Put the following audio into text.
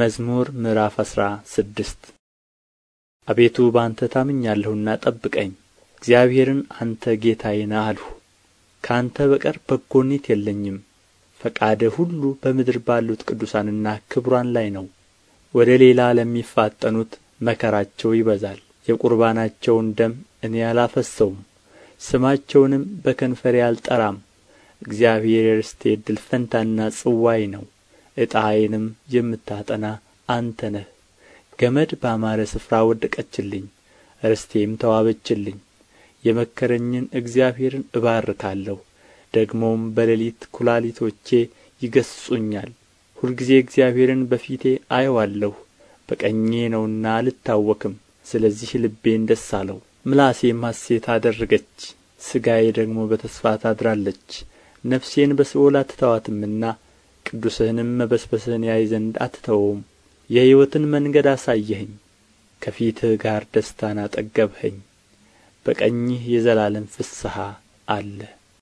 መዝሙር ምዕራፍ አስራ ስድስት አቤቱ በአንተ ታምኛለሁና ጠብቀኝ። እግዚአብሔርን አንተ ጌታዬ ነህ አልሁ። ከአንተ በቀር በጎነት የለኝም። ፈቃድህ ሁሉ በምድር ባሉት ቅዱሳንና ክቡራን ላይ ነው። ወደ ሌላ ለሚፋጠኑት መከራቸው ይበዛል። የቁርባናቸውን ደም እኔ አላፈሰውም፣ ስማቸውንም በከንፈሬ አልጠራም። እግዚአብሔር የርስቴ እድል ፈንታና ጽዋዬ ነው። ዕጣዬንም የምታጠና አንተ ነህ ገመድ ባማረ ስፍራ ወደቀችልኝ ርስቴም ተዋበችልኝ የመከረኝን እግዚአብሔርን እባርካለሁ ደግሞም በሌሊት ኵላሊቶቼ ይገሥጹኛል ሁልጊዜ እግዚአብሔርን በፊቴ አየዋለሁ በቀኜ ነውና አልታወክም ስለዚህ ልቤን ደስ አለው ምላሴም ሐሴት አደረገች ሥጋዬ ደግሞ በተስፋ ታድራለች ነፍሴን በሲኦል አትተዋትምና ቅዱስህንም መበስበስን ያይ ዘንድ አትተወውም የሕይወትን መንገድ አሳየኸኝ ከፊትህ ጋር ደስታን አጠገብኸኝ በቀኝህ የዘላለም ፍስሐ አለ